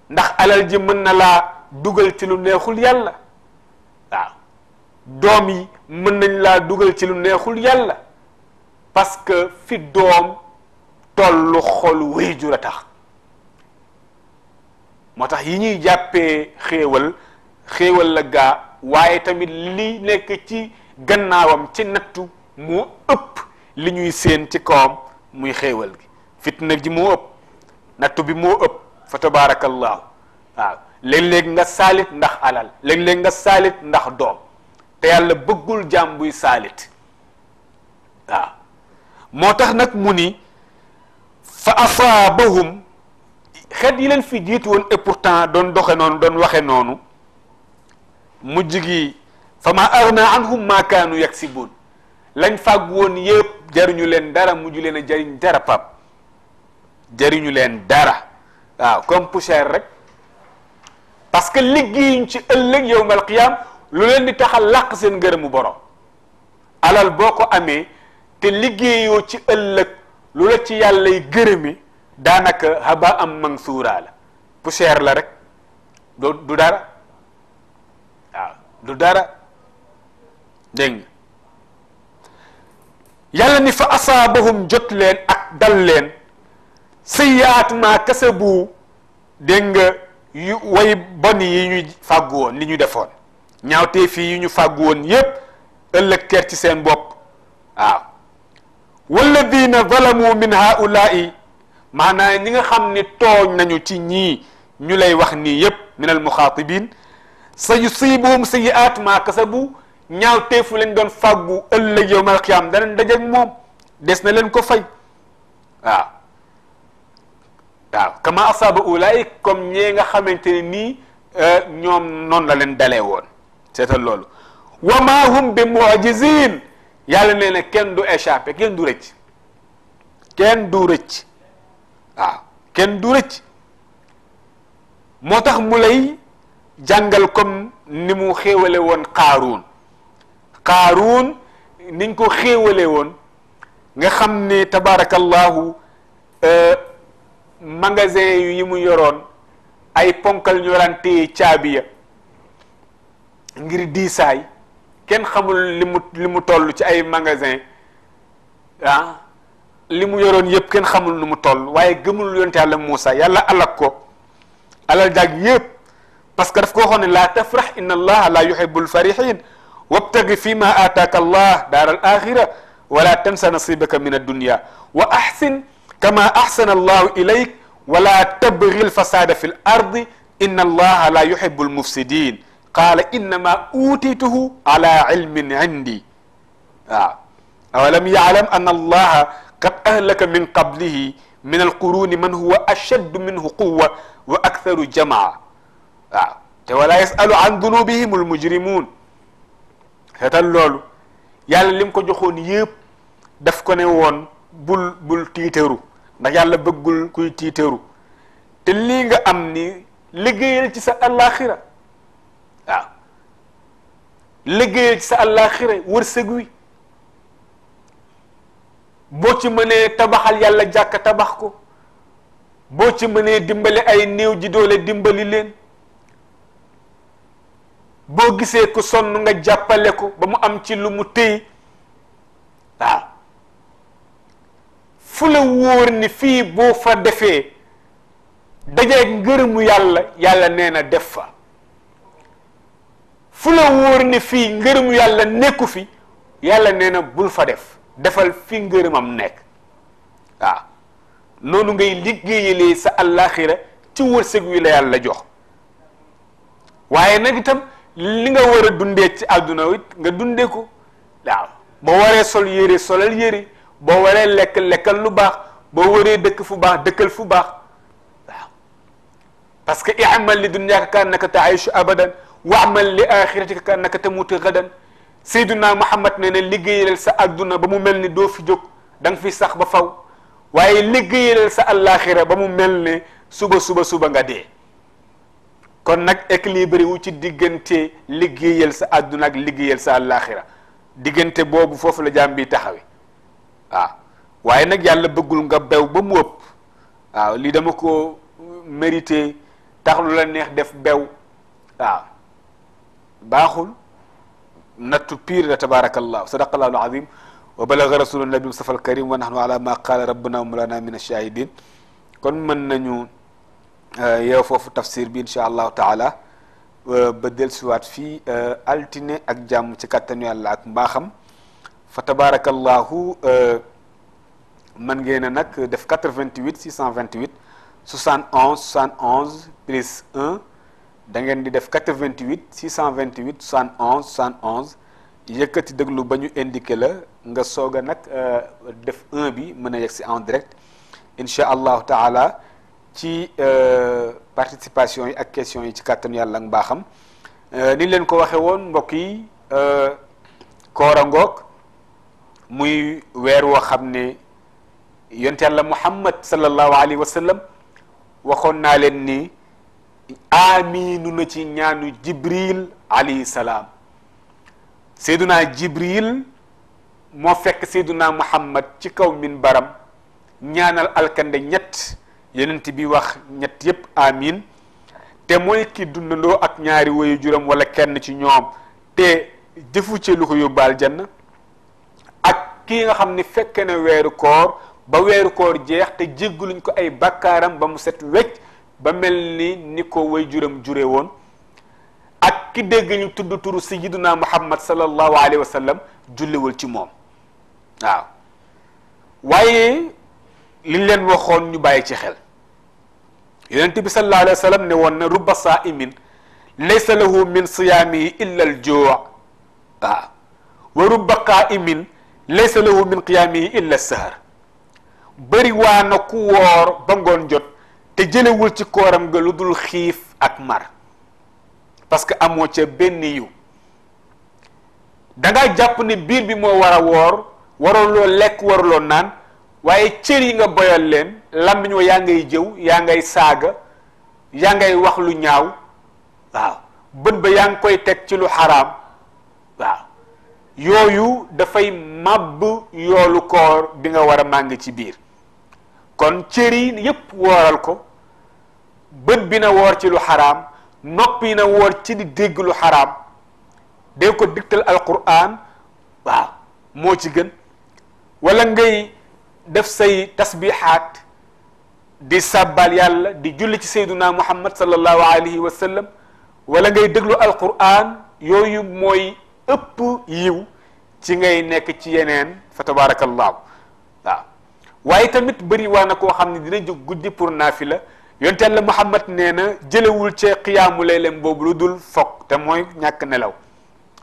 ndax alal ji mën na laa dugal ci lu neexul yàlla waaw doom yi mën nañ laa dugal ci lu neexul yàlla parce que fi doom tollu xol wéyjur a tax moo tax yi ñuy jàppee xéewal xéewal la gaa waaye tamit li nekk ci gannaawam ci nattu moo ëpp li ñuy séen ci kawam muy xéewal gi fitna ji moo ëpp nattu bi moo ëpp fa tabaarakallaahu waaw léeg-léeg nga saalit ndax alal léeg-léeg nga saalit ndax doom te yàlla bëggul jaam buy saalit waaw moo tax nag mu ni fa asaabahum xet yi leen fi jiitu woon et pourtant doon doxe noonu doon waxe noonu mujj gi fa ma arna anhum ma kaanu yaksibuun lañ fàgg woon yëpp jariñu leen dara mujj leen a jariñ dara pap jariñu leen dara waaw comme poussière rek parce que liggéeyuñ ci ëllëg yowmal qiyaam lu leen di tax a seen gërëmu borom alal boo ko amee te liggéeyoo ci ëllëg lu la ci yàllay gërëmi daanaka haba am mansuura la poussière la rek du du dara waaw du dara dégg yàlla ni fa asaabahum jot leen ak dal leen sayyaat maa kasabu dégg nga yu way bon yi ñu fàggu woon li ñu defoon ñaawtee fii yi ñu fàggu woon yépp ëllëg ker ci seen bopp waaw walladina zalamu min haulaai maanaam ñi nga xam ni tooñ nañu ci ñii ñu lay wax nii yépp min al muxaatibin sa yusibuhum sayiat ma kasabu ñaawteefu lañ doon fàggu ëllëg yowmal qiyaam danañ dajeeg moom des na leen ko fay waaw waaw kama asaba ulaik comme ñee nga xamante ne nii euh, ñoom noon la leen dalee woon seetal loolu wa ma hum bi mujizin yàlla nee na kenn du échappé kenn du rëcc kenn du rëcc waaw kenn du rëcc moo tax mu lay jàngal comme ni mu xéewale woon qaaruun qaaruun niñ ko xéewale woon nga xam ne tabaarakallahu euh, magasin yu yi mu yoroon ay ponkal ñu daan téye caabi ya ngir di say ken xamul limu limu tollu ci ay magasin ha limu yoron yoroon yëpp kenn xamul nu mu toll waye gëmul yonte yàlla musa yàlla alak ko alal jag yëpp parce que daf ko xone la tafrah tafrax inna allaha laa yuhibu farihin wabtagi fi ma aataaka allah daral akhirah ولا wala نصيبك من الدنيا واحسن كما أحسن الله إليك ولا تبغي الفساد في الأرض إن الله لا يحب المفسدين قال إنما أوتيته على علم عندي آه. أولم يعلم أن الله قد أهلك من قبله من القرون من هو أشد منه قوة وأكثر جمعا آه. ولا يسأل عن ذنوبهم المجرمون هذا اللول يعني لم يكن جخون ييب داف bul bul tiitaru ndax yàlla bëggul kuy tiitaru te lii nga am ni liggéeyal ci sa àllaaxira waaw liggéeyal ci sa àllaaxira wërsëg wi boo ci mënee tabaxal yàlla jàkka tabax ko boo ci mënee dimbali ay néew ji doole dimbali leen boo gisee ku sonn nga jàppale ko ba mu am ci lu mu téy waaw fu la wóor ni fii boo fa defee dajeeg ngërëmu yàlla yàlla nee na def fa fu la wóor ni fii ngërëmu yàlla nekku fi yàlla nee na bul fa def defal fi ngërëmam nekk waaw noonu ngay liggéeyalee sa àllaaxira ci wërsëg wi la yàlla jox waaye nag itam li nga war a dundee ci àdduna it nga dundee ko waaw ba waree sol yére solal yére boo waree lekk lekkal lu baax boo waree dëkk fu baax dëkkal fu baax waaw parce que i'mal li dunyaaka ka annaka taayishu abadan waamal li axiratika ka annaka tamuutu gadan sayduna muhammad nee na liggéeyal sa adduna ba mu mel ni doo fi jóg da nga fi sax ba faw waaye liggéeyal sa allaaxira ba mu mel ne suba suba suba nga dee kon nag équilibre wu ci diggante liggéeyal sa adduna ak liggéeyal sa allaaxira diggante boobu foofu la jaam bi taxawe waaw waaye nag yàlla bëggul nga bew ba mu ëpp waaw lii dama ko mérité tax lu la neex def bew waaw baaxul nattu pire la tabarakallahu sadaqallahu alazim wa balaga rasulu nabi mustafa alkarim wa nahnu ala ma qala rabbuna wa mulana min ashahidin kon mën nañu yow foofu tafsir bi incha allahu taala ba dellusiwaat fii altine ak jàmm ci kàttanu yàlla ak mbaaxam fa tabaarakallaahu euh, man ngeen nag def 88 628 71 71 plus 1 da ngeen di def 88 628 71 71 yëkkati déglu ba ñu indiqué la nga soog a nag euh, def un bi mën a yegg si en direct incha allahu taala ci euh, participation yi ak question yi ci kàttan yàlla ak mbaaxam ni leen ko waxee woon mbokk yi koorangoog muy weer woo xam ne yonte yàlla muhammad sallallahu alayhi wa waxoon naa leen ni aamiinu na ci ñaanu jibril alayhi salaam seyduna jibril moo fekk seyduna muhammad ci kaw min baram ñaanal alkande ñett yenent bi wax ñett yépp amin te mooy ki dundandoo ak ñaari woyu juróom kenn ci ñoom te jëfu ci lu ko yóbbaal janna ki nga xamni fekke na wéru koor ba wéru koor jeex te jéggaluñ ko ay bakaram ba mu set wecc ba melni niko way juram jure won ak ki dégg ñu tudd turu sayyiduna muhammad sallallahu alayhi wasallam julli julliwul ci mom waaw waye liñ leen waxoon ñu bàyyi ci xel yonente bi sallallahu alayhi wasallam ne won na rubba saimin laysa lahu min siyaamihi illa al juu wa rubba qaimin laysa lahu min qiyaamihi illa sahar bëri waa na ku woor ba ngoon jot te jëlewul ci kooram nga lu dul xiif ak mar parce que amoo ca benn yiw danga jàpp ni biir bi moo war a woor waruloo lekk waruloo naan waaye cër yi nga boyal leen làmmiñ wa yaa ngay jëw yaa ngay saaga yaa ngay wax lu ñaaw waaw bët ba yaa ngi koy teg ci lu xaraam waaw yooyu dafay màbb yoolu koor bi nga war a màng ci biir kon cër yi yépp wooral ko bët bi na woor ci lu xaraam nopp yi na woor ci di dégg lu xaraam day ko digtal alquran waaw moo ci gën wala ngay def say tasbihaat di sàbbal yàlla di julli ci sayduna muhammad sallallahu alayhi wa sallam wala ngay déglu alquran yooyu mooy ëpp yiw ci ngay nekk ci yeneen fa tabaarakallaahu waaw waaye tamit bëri waa na koo xam ne dina jóg guddi pour naafila yonte yàlla Muhammad nee na jëlewul ci xiyaamu leylem boobu lu dul foog te mooy ñàkk nelaw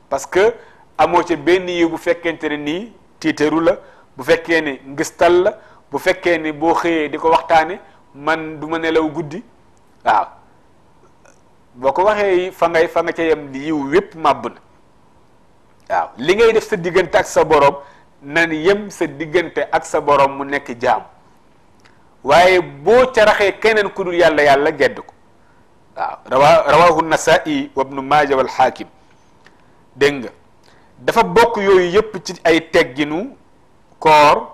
parce que amoo ci benn yiw bu fekkente ne nii tiitaru la bu fekkee ni ngistal la bu fekkee ni boo xëyee di ko waxtaane man du ma nelaw guddi waaw boo ko waxee fa ngay fa nga ca yem di yiw wépp màbb na waaw li ngay def sa diggante ak sa borom nan yem sa diggante ak sa boroom mu nekk jaam waaye boo caraxee keneen ku dul yàlla yàlla gedd ko waaw rawaa rawahu nasai wa ibnu maaja wal xaakim dégg nga dafa bokk yooyu yëpp ci ay tegginu koor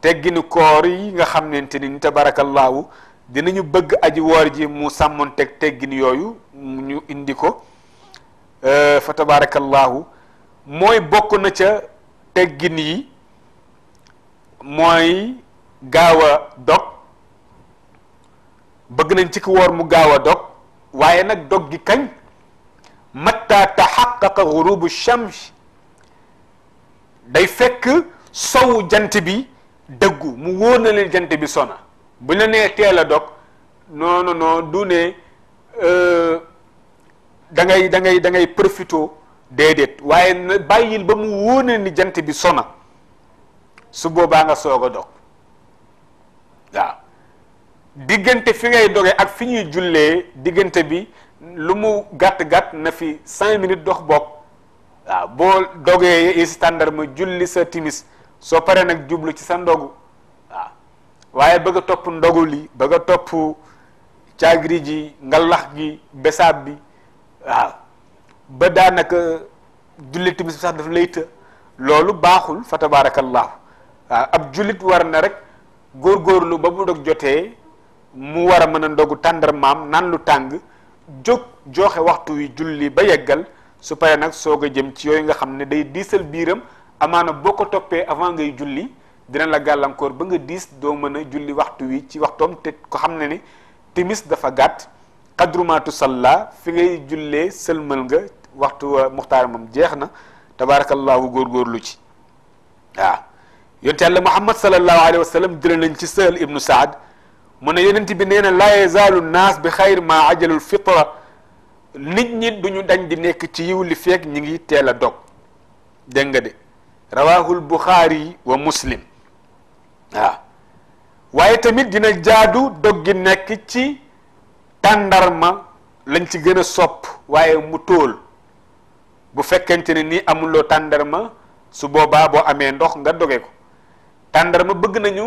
tegginu koor yi nga xamante ni tabarakallahu dinañu bëgg aji woor ji mu sàmmoon teg teggin yooyu ñu indi ko euh, fa tabarakallahu mooy bokk na ca teggin yi mooy gaaw a dog bëgg nañ ci ku woor mu gaaw a dog waaye nag dog gi kañ matta taxaqaqa xurubu shams day fekk sow jant bi dëggu mu wóor na leen jant bi sona bu ne nee teel a dog non non non du ne euh, dangay ngay da profito déedéet waaye na bàyyil ba mu wóone ni jant bi sona su boobaa nga soog a dog waaw diggante fi ngay doge ak fi ñuy jullee diggante bi lu mu gàtt-gàtt na fi cinq minutes dox bokk waaw boo dogee standard ma julli sa timis soo paree nag jublu ci sa ndogu waaw waaye bëgg a topp ndogu li bëgg a topp caagri ji ngalax gi besaab bi waaw ba daanaka julli timis bi sax daf lay të loolu baaxul fa tabaarakallaahu waaw ab jullit war na rek góorgóorlu ba mu dog jotee mu war a mën a ndogu tàndarmaam nan lu tàng jóg joxe waxtu wi julli ba yeggal su pare nag soog a jëm ci yooyu nga xam ne day diisal biiram amaana boo ko toppee avant ngay julli dina la gàllankoor ba nga diis doo mën a julli waxtu wi ci waxtoom te ko xam ne ni timis dafa gàtt xadrumaatu salla fi ngay jullee sëlmal nga waxtu muxtaar moom jeex na tabaarakallaahu góorgóorlu ci waaw yonte yàlla muhammad salallahu alayhi wa sallam jële nañ ci sahal ibnu saad mu ne yonent bi nee na laa yazaalu naas bi xayr ma ajalul fitra nit ñi duñu dañ di nekk ci yiw li feeg ñi ngi teel a dog dégg nga de rawahul buxaari wa muslim waaw waaye tamit dina jaadu dog gi nekk ci tàndarma lañ ci gën a sopp waaye mu tóol bu fekkente ne nii amuloo tàndarma su boobaa boo amee ndox nga doge ko tàndarma bëgg nañu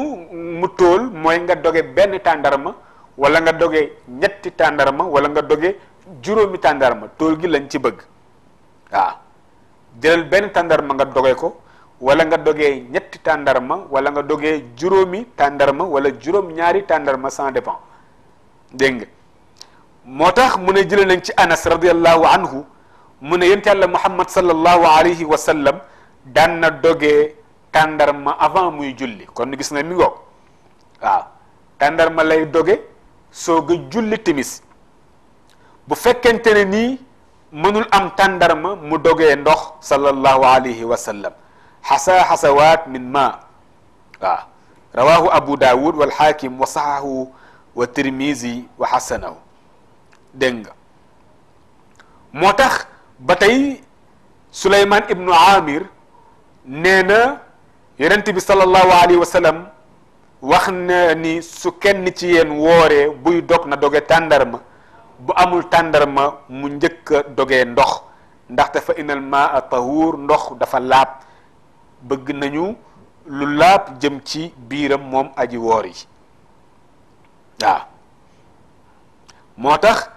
mu tóol mooy nga doge benn tàndarma wala nga doge ñetti tàndarma wala nga doge juróomi tàndarma tóol gi lañ ci bëgg waaw jëlal benn tàndarma nga doge ko wala nga dogee ñetti tàndarma wala nga dogee juróomi tàndarma wala juróom-ñaari tàndarma sans dépend dégg nga moo tax mu ne jëlee nañ ci anas radiallahu anhu mu ne yent yàlla muhammad sallallahu alayhi wa sallam daan na dogee tàndarma avant muy julli kon gis nga mi ngoog waaw tàndarma lay doge soog a julli timis bu fekkente ne nii mënul am tàndarma mu dogee ndox sallallahu alayhi wa sallam xasa xasawaat min ma waaw rawahu abu daawud wal xaakim wa saxahu wa tirmisi wa xasanahu dégg nga moo tax ba tey suleyman ibnu amir nee na yonent bi sallallahu alayhi wa sallam wax na ni su kenn ci yéen wooree buy dog na doge tàndarma bu amul tàndarma mu njëkk a dogee ndox ndaxte fa inal maa tahur ndox dafa laab bëgg nañu lu laab jëm ci biiram moom aji woor yi waaw moo tax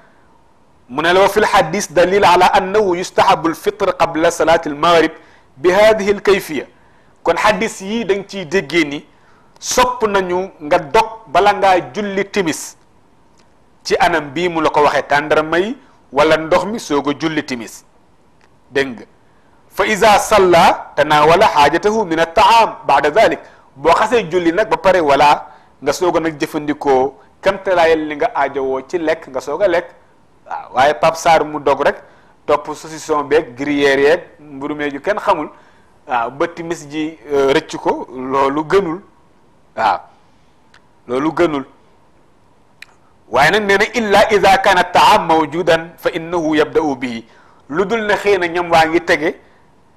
من لو في الحديث دليل على أنه يستحب الفطر قبل صلاة المغرب بهذه الكيفية كون حديث يي دنتي ديجيني sopp nañu nga dog bala ngaa julli timis ci anam bii mu la ko waxee tàndarma yi wala ndox mi soog a julli timis dégg nga fa isa salla tanawala xaajatahu min ataam baada dalik boo xasee julli nag ba pare wala nga soog a nag jëfandikoo kamtalaayal li nga aajowoo ci lekk nga soog a lekk waaw waaye pap Sarr mu dog rek topp saucisson beeg gruyère yeeg mburu meeg yu kenn xamul waaw ba timis ji euh, rëcc ko loolu gënul waaw loolu gënul waaye nag nee illa illa ida kaana taam mawjudan fa innahu yabda'u bihi lu dul ne xëy na ñam waa ngi tege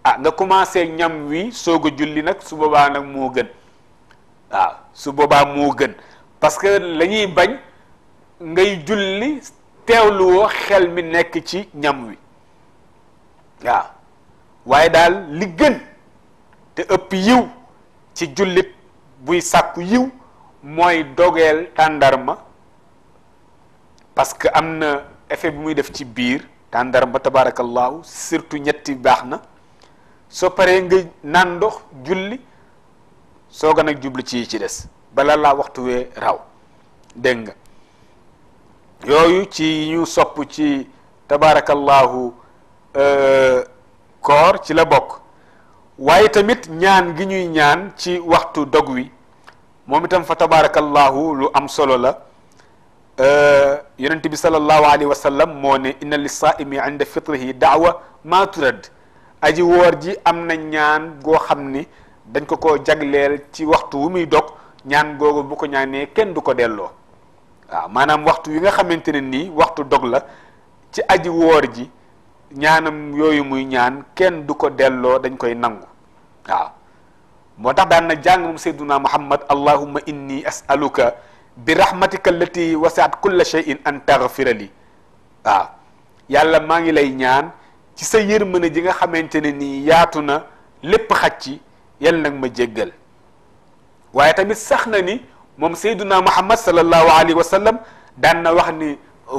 ah nga commencé ñam wi soog a julli nag su boobaa nag moo gën waaw su boobaa moo gën parce que la bañ ngay julli teewlu woo xel mi nek ci ñam wi wa waye dal li gën te ëpp yiw ci julit buy sakku yiw moy dogel tandarma parce que amna sirtu effet bu muy def ci bir tandarma tabarakallah surtout ñetti baxna so nga nandox julli so nag jublu ci ci des bala la waxtu we raw deng yooyu ci ñu sopp ci tabarakallahu euh, koor ci la bokk waaye tamit ñaan gi ñuy ñaan ci waxtu dog wi moom itam fa tabarakallahu lu am solo la euh, yonent bi sallallahu alayhi wa sallam moo ne inna li saaimi inda fitrihi daawa maa aji woor ji am na ñaan goo xam ni dañ ko ko jagleel ci waxtu wu muy dog ñaan googu bu ko ñaanee kenn du ko delloo waaw maanaam waxtu yi nga xamante ne nii waxtu dog la ci aji woor ji ñaanam yooyu muy ñaan kenn du ko delloo dañ koy nangu waaw moo tax daan na jàng moom sayduna muhammad allahumma inni as'aluka bi rahmatika allati wasaat kulla shay'in an taghfira li waaw yàlla maa ngi lay ñaan ci sa yërmande ji nga xamante ne nii yaatu na lépp xaj ci yal nag ma jéggal waaye tamit sax na ni moom sayduna muhammad salallahu alayhi wa sallam daan na wax ni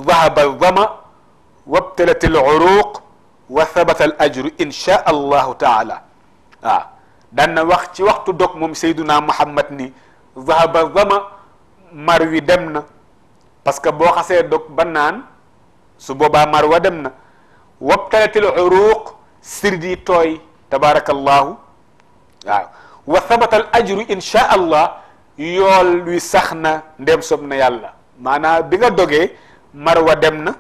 dahaba aldama wabtalat aluruq wa thabata al ajru insha allahu taala waaw daan na wax ci waxtu dog moom sayduna muhammad ni dahaba aldama mar wi dem na parce que boo xasee dog ba naan su boobaa mar wa dem na wabtalat aluruq sirdi tooy tabaarakallahu waaw wa thabata al ajru insha allah yool wi sax na ndem sob na yàlla maanaam bi nga dogee marwa dem na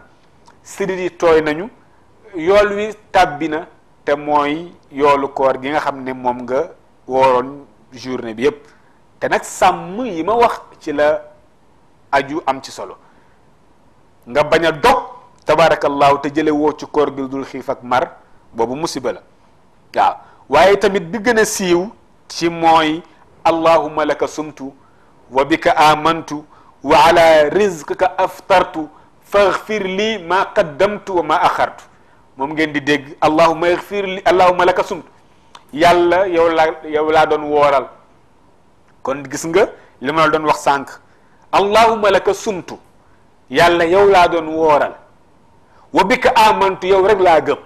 sidit yi tooy nañu yool wi tàbbi na te mooy yoolu koor gi nga xam ne moom nga wooroon journée bi yépp te nag sàmm yi ma wax ci la aju am ci solo nga bañ a dog tabaarakallaahu te jële woo ci koor gi dul xiif ak mar boobu musiba la waaw waaye tamit bi gën a siiw ci mooy allahumma laka sumtu wa bika amantu wa ala rizqika aftartu faghfir li ma qaddamtu wa ma axartu moom ngeen di dégg allahumma ighfir li allahumma laka sumtu yàlla yow laa yow laa doon wooral kon gis nga li ma la doon wax sànq allahumma ka sumtu yàlla yow laa doon wooral wa bika amantu yow rek laa gëm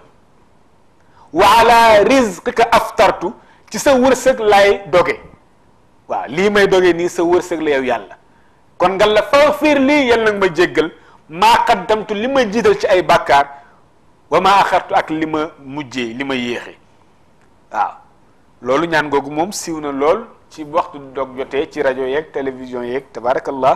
wa ala rizqika aftartu ci sa wërsëg laay doge waaw lii may dogee nii sa wërsëg la yow yàlla kon nga la faghfir lii yal nag ma jéggal maa qaddamtu li ma jiital ci ay bàkkaar wa ma axartu ak li ma mujjee li ma yéexee waaw loolu ñaan googu moom siw na lool ci waxtu dog jotee ci rajo yeeg télévision yeeg tabarakallah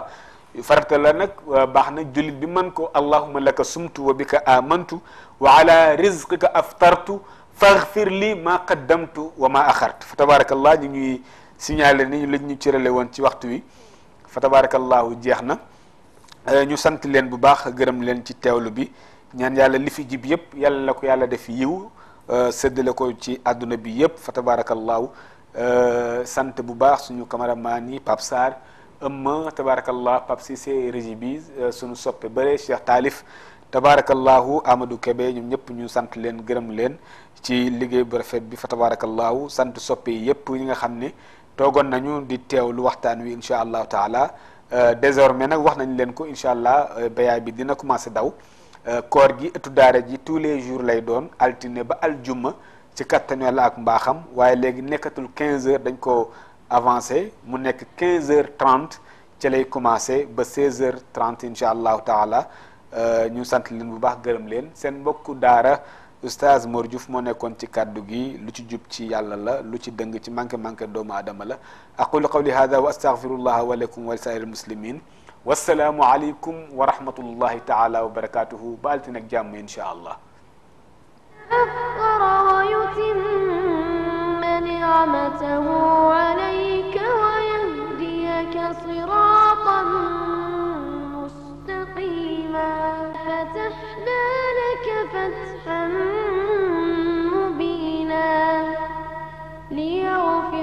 farata la nag baax na jullit bi man ko allahuma laka sumtu wa bika amantu wa ala rizqika aftartu faghfir li ma qaddamtu wa ma axartu fa tabarakallah ñu ñuy signalé ni lañ ñu cërale woon ci waxtu wi fa tabaarakallaahu jeex na euh, ñu sant leen bu baax gërëm leen ci teewlu bi ñaan yàlla li fi jib yëpp yàlla na ko yàlla def yiw euh, séddale ko ci àdduna bi yëpp fa tabaarakallaahu euh, sant bu baax suñu cameraman yi Pape Sarr ëmma tabarakallah Pape Cissé régie bi suñu soppe bare Cheikh Taalif tabarakallahu Amadou Kébé ñoom ñëpp ñu sant leen gërëm leen ci liggéey bu rafet bi fa tabarakallahu sant soppe yëpp ñi nga xam ne toogoon nañu di teewlu waxtaan wi incha allahu taala désormais nag wax nañ leen ko incha allah bayaay bi dina commencé daw koor gi ëttu daara ji tous les jours lay doon altine ba aljumma ci kattan yàlla ak mbaaxam waaye léegi nekkatul 15 heures dañ ko avancé mu nekk 15 heures 30 ci lay commencé ba 16 heures 30 incha allahu taala ñu sant leen bu baax gërëm leen seen mbokku daara. استاذ مرجوف من كنت كدوجي لطي جبتي يلا لا لطي دنجتي مانك مانك دوم آدم لا أقول قولي هذا وأستغفر الله ولكم ولسائر المسلمين والسلام عليكم ورحمة الله تعالى وبركاته بألتنك جام إن شاء الله أفقر ويتم نعمته عليك ويهديك صراطا مستقيما فتحنا لك فتحا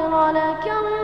غفر لك الله